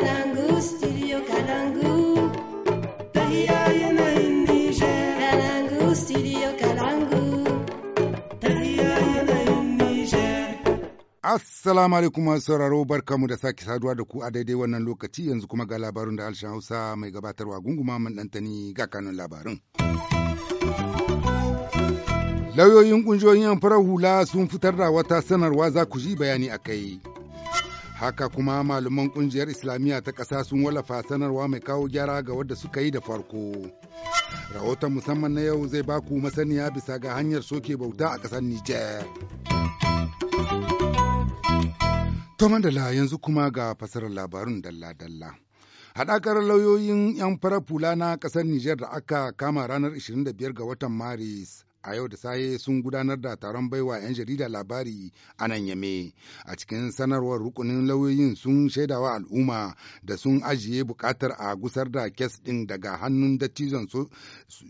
kalangu studio Assalamu alaikum sauraro barkamu da sake saduwa da ku a daidai wannan lokaci yanzu kuma ga labarun da alshan Hausa mai gabatarwa gunguma mun dantani ga kanun labarin. Lauyoyin kungiyoyin farar hula sun fitar da wata sanarwa za ku ji bayani a kai. haka kuma malaman kungiyar islamiyya ta ƙasa sun wallafa sanarwa mai kawo gyara ga wadda suka yi da farko rahoton musamman na yau zai baku masaniya bisa ga hanyar soke bauta a ƙasar niger mandala yanzu kuma ga fasarar labarun dalla-dalla haɗakar lauyoyin 'yan farar fula na ƙasar Nijar da aka kama ranar 25 ga watan maris a yau da saye sun gudanar da taron baiwa 'yan jarida labari a nan yame a cikin sanarwar rukunin lauyoyin sun shaidawa al'umma da sun ajiye bukatar a gusar da kes ɗin daga hannun dattijan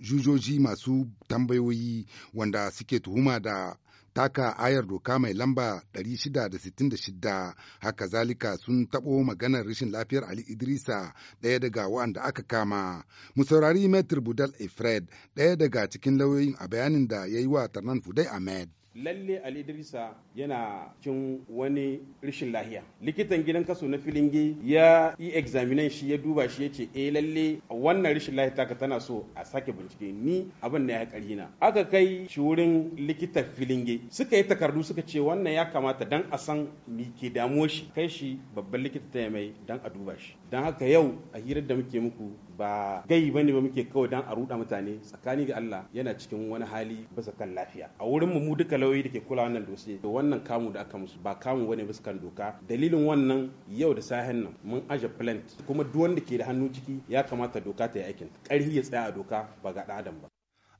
jujoji masu tambayoyi wanda suke tuhuma da taka ayar doka mai lamba 666 haka zalika sun tabo maganar rashin lafiyar Ali Idrisa ɗaya daga waɗanda aka kama. Mu saurari Budal Efred ɗaya daga cikin lauyoyin a bayanin da ya yi wa Tarnan Fudai Ahmed. lalle ali dirisa yana cin wani rishin lahiya likitan gidan kaso na filinge ya yi examinan shi ya duba shi ya ce eh lalle wannan rishin lahiya taka tana so a sake bincike ni abin da ya karhi na aka kai shi wurin likitan filinge suka yi takardu suka ce wannan ya kamata dan a san me ke damuwa shi kai shi babban likita ta mai dan a duba shi don haka yau a hirar da muke muku ba gai ba ne ba muke kawai don a ruɗa mutane tsakani ga Allah yana cikin wani hali bisa kan lafiya a wurin mu duka lauyi da ke kula wannan dosi da wannan kamu da aka musu ba kamu bane bisa kan doka dalilin wannan yau da sahen nan mun aje plant kuma duk wanda ke da hannu ciki ya kamata doka ta yi aikin ƙarfi ya tsaya a doka ba ga adam ba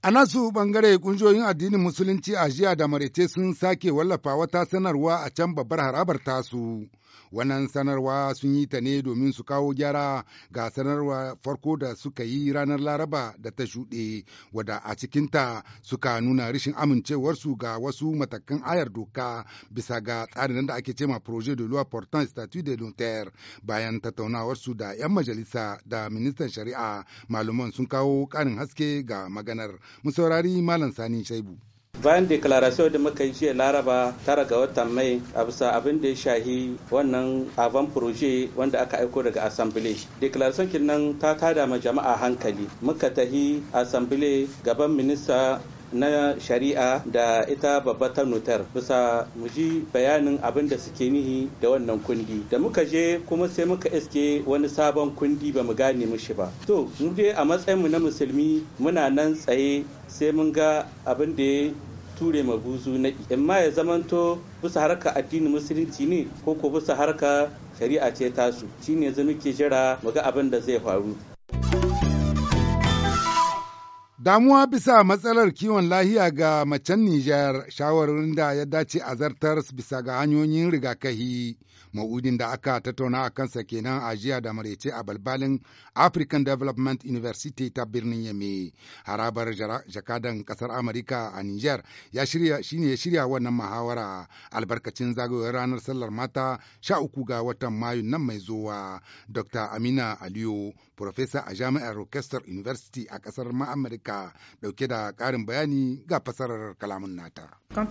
A nasu bangare kungiyoyin addinin Musulunci a jiya da maraice sun sake wallafa wata sanarwa a can babbar harabar tasu. Wannan sanarwa sun yi ta ne domin su kawo gyara ga sanarwa farko da suka yi ranar Laraba da ta shuɗe, wadda a cikinta suka nuna rashin amincewarsu ga wasu matakan ayar doka bisa ga tsarin da ake cema Projet de loi portant statut de notaire bayan tattaunawarsu da 'yan majalisa da ministan shari'a malaman sun kawo ƙarin haske ga maganar. Mu saurari Malam Sani Shaibu. bayan declaration da muka yi jiya laraba tara ga watan mai a bisa abin da ya shahi wannan avant proje wanda aka aiko daga asambile declaration nan ta tada ma jama'a hankali muka tahi asambile gaban minista na shari'a da ita babbar notar bisa mu ji bayanin abin da suke nihi da wannan kundi da muka je kuma sai muka iske wani sabon kundi ba mu gane mushi ba to mu dai a matsayinmu na musulmi muna nan tsaye sai mun ga abin da ture mabuzu na na amma ya zamanto bisa harka addinin musulunci ne ko ko bisa harka shari'a ce tasu shine yanzu muke jira mu ga abin da zai faru Damuwa bisa matsalar kiwon lahiya ga macen Nijar shawarar da ya dace a zartar bisa ga hanyoyin rigakahi Ma'udin da aka tattauna a kansa kenan a jiya da maraice a balbalin African Development University ta birnin Yame. Harabar jakadan kasar Amurka a Niger ya shirya shine ya shirya wannan muhawara albarkacin zagayowar ranar sallar mata uku ga watan Mayu nan mai zuwa. Dr. Amina Aliyu, Profesa a Jami'ar Rochester University a kasar ma Amurka dauke da karin bayani ga fasarar kalamun nata. Quand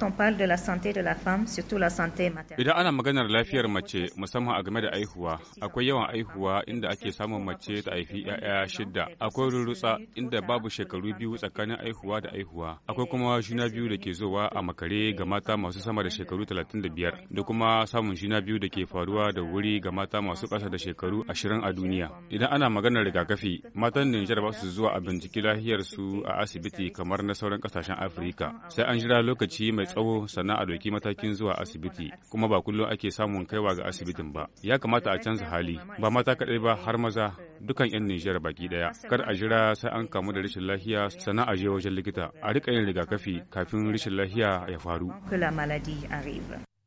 Idan ana maganar lafiyar mace mace musamman a game da aihuwa akwai yawan aihuwa inda ake samun mace ta haifi ya'ya shida akwai rurutsa inda babu shekaru biyu tsakanin aihuwa da aihuwa akwai kuma juna biyu da ke zowa a makare ga mata masu sama da shekaru 35 da kuma samun juna biyu da ke faruwa da wuri ga mata masu ƙasa da shekaru ashirin a duniya idan ana maganar rigakafi matan Nijar ba su zuwa a binciki lafiyar su a asibiti kamar na sauran kasashen Afirka sai an jira lokaci mai tsawo sannan a doki matakin zuwa asibiti kuma ba kullum ake samun kaiwa ga asibitin ba ya kamata a canza hali ba mata kaɗai ba har maza dukan 'yan Nijar baki daya kar a jira sai an kamu da rashin lafiya sana a je wajen likita a rika yin rigakafi kafin rashin lafiya ya faru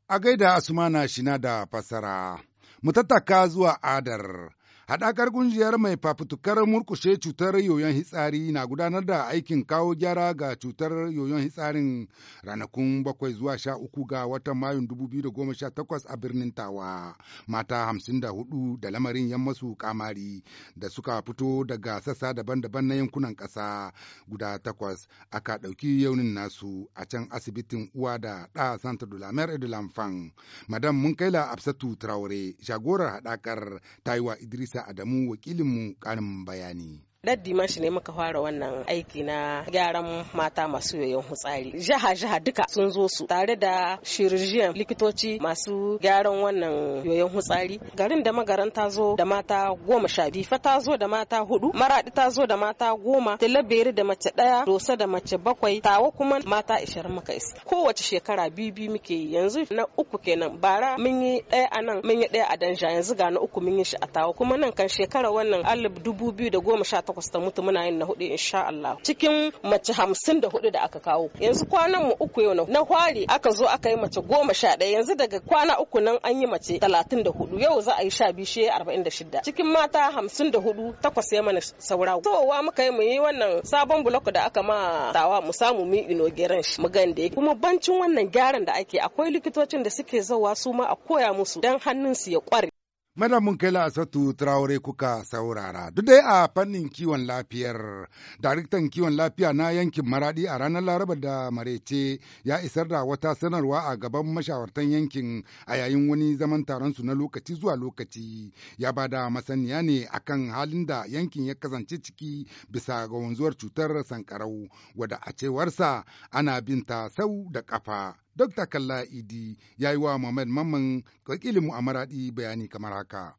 a gaida asumana shina da fasara mu tattaka zuwa adar Haɗakar ƙungiyar mai fafutukar murkushe cutar yoyon hitsari na gudanar da aikin kawo gyara ga cutar yoyon hitsarin ranakun bakwai zuwa sha uku ga watan Mayun 2018 a birnin Tawa. Mata hamsin da hudu da lamarin yan masu kamari da suka fito daga sassa daban-daban na yankunan ƙasa guda takwas aka ɗauki yaunin nasu a can asibitin uwa da ɗa Santa Dulamer Edulamfan. Madam mun kai la Absatu Traore, jagorar haɗakar Taiwa Idris Isa Adamu wakilinmu ƙarin bayani. Daddi shi ne muka fara wannan aiki na gyaran mata masu yoyon hutsari. Jaha jaha duka sun zo su tare da shirurgiyan likitoci masu gyaran wannan yoyon hutsari. Garin da magaran ta zo da mata goma sha biyu. Fa ta zo da mata hudu. maradi ta zo da mata goma. Talaberi da mace daya. Dosa da mace bakwai. Tawa kuma mata ishirin muka isa. Kowace shekara biyu biyu muke yi. Yanzu na uku kenan. Bara mun yi daya a nan mun yi daya a danja. Yanzu ga na uku mun yi shi a tawa. Kuma nan kan shekara wannan alif dubu biyu da goma sha takwas ta mutu muna yin na hudu insha Allah cikin mace hamsin da hudu da aka kawo yanzu kwanan mu uku yau na hwari aka zo aka yi mace goma sha daya yanzu daga kwana uku nan an yi mace talatin da hudu yau za a yi sha biyu shi arba'in da shida cikin mata hamsin da hudu takwas ya mana saura towa muka yi mu yi wannan sabon bulok da aka ma tawa mu samu mu inogeran shi mu gande kuma bancin wannan gyaran da ake akwai likitocin da suke zauwa su ma a koya musu dan hannun su ya kware mun kai la'asatu Traore kuka saurara. Duk dai a fannin kiwon lafiyar, daraktan kiwon lafiya na yankin Maradi a ranar Laraba da Marece ya isar da wata sanarwa a gaban mashawartan yankin a yayin wani zaman taron su na lokaci zuwa lokaci. Ya ba da masaniya ne akan halin da yankin ya kasance ciki bisa ga wanzuwar cutar sankarau, wadda a cewarsa ana binta sau da kafa. Dr. Kalla Idi ya yi wa Mohamed Mamman wakilin a maraɗi bayani kamar haka.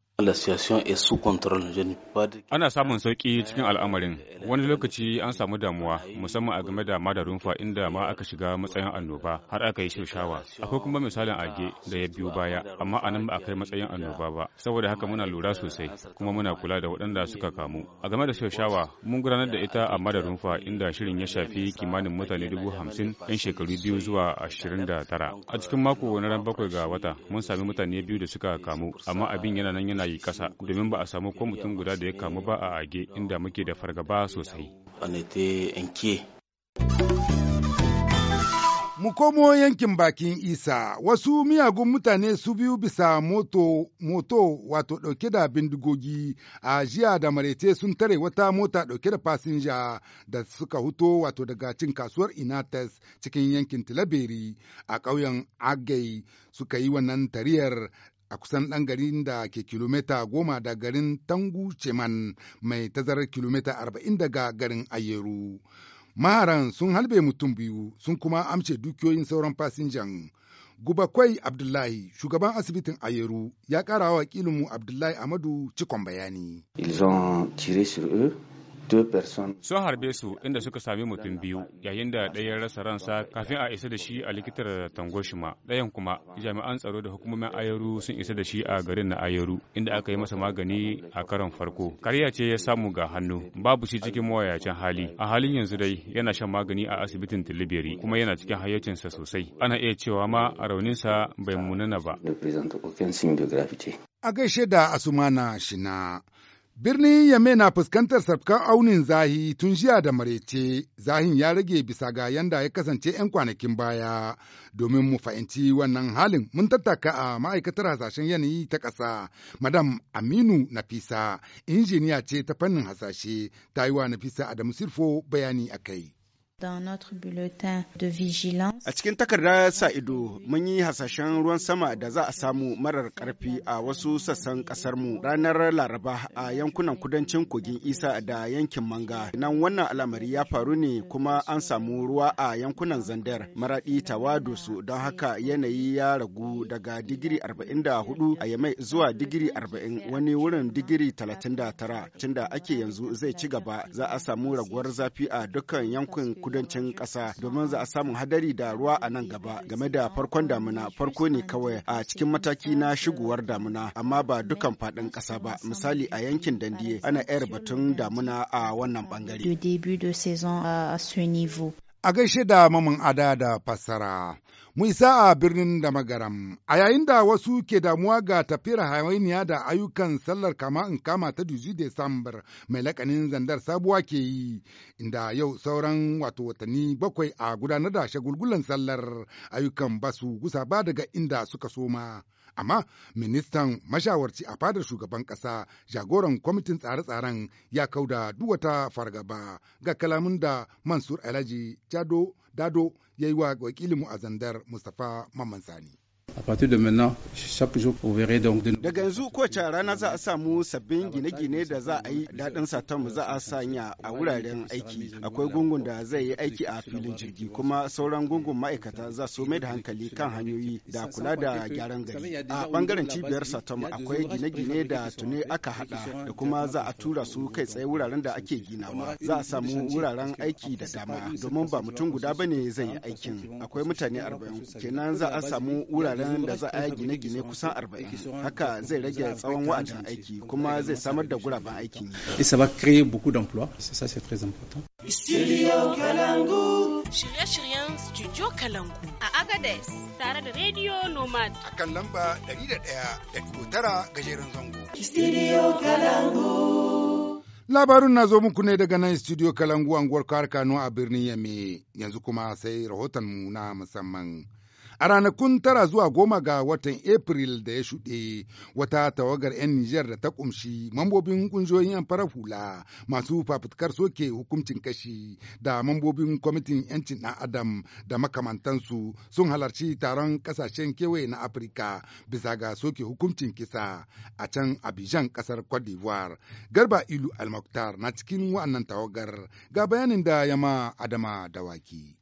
Ana samun sauƙi cikin al'amarin. Wani lokaci an samu damuwa, musamman a game da mada rumfa inda ma aka shiga matsayin annoba har aka yi shaushawa. Akwai kuma misalin age da ya biyo baya, amma a nan ba a kai matsayin annoba ba. Saboda haka muna lura sosai, kuma muna kula da waɗanda suka kamu. A game da shaushawa, mun gudanar da ita a mada rumfa inda shirin ya shafi kimanin mutane dubu hamsin yan shekaru biyu zuwa ashirin da tara. A cikin mako na ran bakwai ga wata, mun sami mutane biyu da suka kamu, amma abin yana nan yana tana yi kasa domin ba a samu ko mutum guda da ya kamu ba a age inda muke da fargaba sosai. Mu komo yankin bakin Isa, wasu miyagun mutane su biyu bisa moto, moto wato ɗauke da bindigogi a jiya da marece sun tare wata mota ɗauke da fasinja da suka huto wato daga cin kasuwar Inates cikin yankin Tilaberi a ƙauyen Agai suka yi wannan tariyar a kusan ɗan garin da ke kilomita goma da garin Tangu Ceman mai tazarar kilomita arba'in daga garin Ayeru. Maharan sun halbe mutum biyu sun kuma amce dukiyoyin sauran fasinjan. Gubakwai Abdullahi, shugaban asibitin Ayeru, ya ƙara wa mu Abdullahi Amadu cikon bayani. Ils ont tiré sur eux. Sun harbe su inda suka sami mutum biyu yayin da ɗayan rasa ransa kafin a isa da shi a likitar Tangoshima. Ɗayan kuma jami'an tsaro da hukumomin Ayaru sun isa da shi a garin na Ayaru inda aka yi masa magani a karon farko. Karya ce ya samu ga hannu babu shi cikin mawayacin hali. A halin yanzu dai yana shan magani a asibitin Tilibiri kuma yana cikin hayyacinsa sosai. Ana iya cewa ma a rauninsa bai munana ba. A gaishe da Asumana Shina. Birnin Yame na fuskantar safkan aunin zahi tun jiya da marece, zahin ya rage bisa ga yanda ya kasance 'yan kwanakin baya. Domin mu fahimci wannan halin mun tattaka a ma'aikatar hasashen yanayi ta ƙasa, Madam Aminu Nafisa, injiniya ce ta fannin hasashe, ta yi wa Nafisa Adamu Sirfo bayani a kai. A cikin takarda sa ido mun yi hasashen ruwan sama da za a samu marar karfi a wasu sassan kasarmu ranar Laraba a yankunan kudancin kogin Isa da yankin Manga. Nan wannan al'amari ya faru ne kuma an samu ruwa a yankunan Zandar, Maradi, Tawadusu don haka yanayi ya ragu daga digiri 44 a Yamai zuwa digiri 40 wani wurin digiri 39 tunda ake yanzu zai ci gaba za a samu raguwar zafi a dukkan yankunan kudancin kudancin ƙasa domin za a samu hadari da ruwa a nan gaba game da farkon damuna farko ne kawai a cikin mataki na shigowar damuna amma ba dukan faɗin ƙasa ba misali a yankin dandiye ana yar batun damuna a wannan bangare. a gaishe da maman ada da fassara. Mu isa a birnin da magaram, a yayin da wasu ke damuwa ga tafiyar hawainiya da ayyukan sallar kama in kama ta duji Desambar mai lakanin zandar sabuwa ke yi, inda yau sauran wato watanni bakwai a gudanar da shagulgulan sallar ayyukan basu gusa ba daga inda suka soma. Amma ministan mashawarci a fadar shugaban ƙasa jagoran kwamitin tsare-tsaren ya kauda duwata fargaba ga kalamin da Mansur Alhaji Dado ya yi wa wakilinmu a Zandar Mustapha Mamman Sani. a partir de maintenant chaque jour donc Daga yanzu kowace rana za a samu sabbin gine-gine da za a yi daɗin satam za a sanya a wuraren aiki. Akwai gungun da zai yi aiki a filin jirgi kuma sauran gungun ma'aikata za su mai da hankali kan hanyoyi da kula da gyaran gari. A bangaren cibiyar satam akwai gine-gine da tuni aka hada da kuma za a tura su kai tsaye wuraren da ake ginawa. Za a samu wuraren aiki da dama domin ba mutum guda bane zai yi aikin. Akwai mutane arba'in kenan za a samu wuraren idan da za a yi gine-gine kusan 40 haka zai rage tsawon wa'adin aiki kuma zai samar da guraben aiki Studio Kalangu. Shirye-shiryen Studio Kalangu a agades tare da Radio Nomad. A kan lamba 101.9 gajeren zango. Studio Kalangu. Labarun na zo muku ne daga nan Studio Kalangu anguwar Kano a birnin Yame yanzu kuma sai rahoton mu na musamman. A ranakun tara zuwa goma ga watan April da ya shuɗe wata tawagar 'yan Nijar da ta ƙumshi mambobin ƙungiyoyin 'yan fara hula masu fafutukar soke hukuncin kashi da mambobin kwamitin 'yancin ɗan Adam da makamantansu sun halarci taron ƙasashen kewaye na Afirka bisa ga soke hukuncin kisa a can abijan ƙasar Cote d'Ivoire. Garba Ilu Almaktar na cikin wa'annan tawagar ga bayanin da yama Adama Dawaki.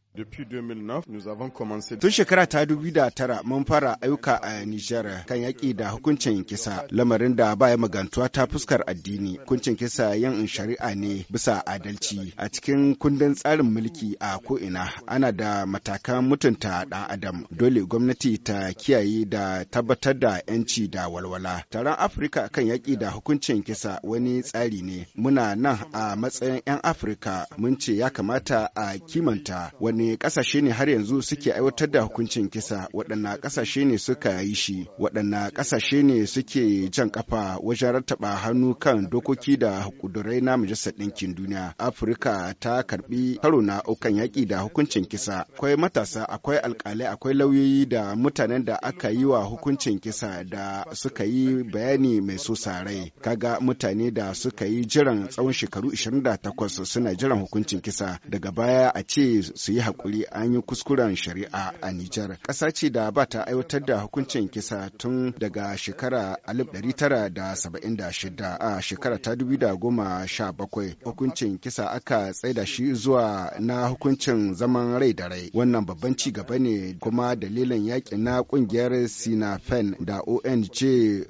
Tun shekara ta dubi da tara mun fara ayyuka a Nijar kan yaki da hukuncin kisa lamarin da baya magantuwa ta fuskar addini. Hukuncin kisa yin shari'a ne bisa adalci a cikin kundin tsarin mulki a ko'ina ana da matakan mutunta ɗan adam. Dole gwamnati ta kiyaye da tabbatar da 'yanci da walwala. Taron Afirka kan yaki da hukuncin kisa wani tsari ne. Muna nan a matsayin 'yan Afirka mun ce ya kamata a kimanta wani ne kasashe ne har yanzu suke aiwatar da hukuncin kisa waɗanna kasashe ne suka yi shi waɗanne kasashe ne suke jan kafa wajen rattaba hannu kan dokoki da kudurai na majalisar ɗinkin duniya afirka ta karbi karo na ukan yaƙi da hukuncin kisa akwai matasa akwai alƙalai akwai lauyoyi da mutanen da aka yi wa hukuncin kisa da suka yi bayani mai so sarai kaga mutane da suka yi jiran tsawon shekaru 28 suna jiran hukuncin kisa daga baya a ce su yi hakuri an yi kuskuren shari'a a Nijar. Ƙasa ce da ba ta aiwatar da hukuncin kisa tun daga shekara 1976 a shekara ta 2017 hukuncin kisa aka tsaida shi zuwa na hukuncin zaman rai da rai. Wannan babban ci gaba ne kuma dalilin yaƙi na ƙungiyar Sinafen da ONG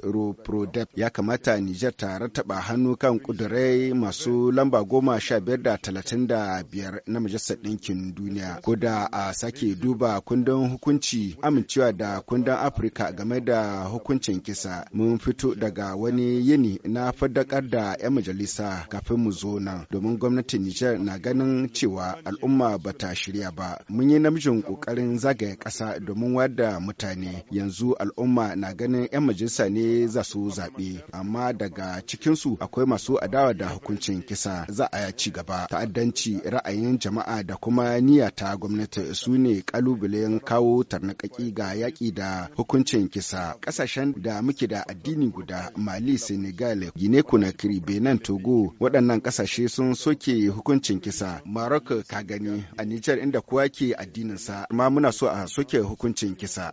Roprodep ya kamata Nijar ta rataba hannu kan ƙudurai masu lamba goma sha biyar da talatin da biyar na Majalisar Ɗinkin Duniya. kuda ko da a sake duba kundin hukunci amincewa da kundin afirka game da hukuncin kisa mun fito daga wani yini na faddakar da 'yan majalisa kafin mu zo nan domin gwamnatin nijar na ganin cewa al'umma ba ta shirya ba mun yi namijin kokarin zagaya ƙasa domin wada mutane yanzu al'umma na ganin 'yan majalisa ne za su zaɓe amma daga cikinsu akwai masu adawa da hukuncin kisa za a ci gaba ta'addanci ra'ayin jama'a da kuma niyya ta gwamnati su ne kalubalen kawo tarnakaki ga yaƙi da hukuncin kisa ƙasashen da muke da addini guda mali senegal guinea conakry benin togo waɗannan ƙasashe sun soke hukuncin kisa maroc ka gani a Nijar, inda kowa ke addininsa ma muna so a soke hukuncin kisa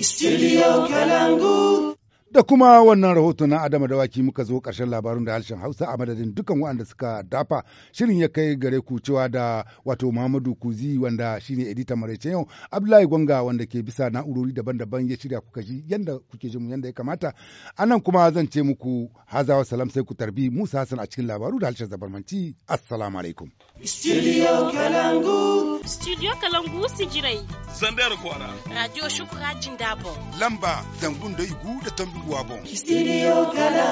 Studio Kalangu. Da kuma wannan rahoto na Adama Dawaki muka zo ƙarshen labarun da harshen Hausa a madadin dukan waɗanda suka dafa shirin ya kai gare ku cewa da wato Muhammadu Kuzi wanda shine edita maraice yau Abdullahi Gwanga wanda ke bisa na'urori daban-daban ya shirya kuka ji yanda kuke jin yanda ya kamata. Anan kuma zan ce muku hazawa salam sai ku tarbi Musa Hassan a cikin labaru da harshen zabarmanci. Assalamu alaikum. Studio Kalangu. Studio Kalangu su jirai. Zandar Kwara. Radio Shukurajin Dabo. Lamba zangun da igu da tambi Guabon. Studio Kala.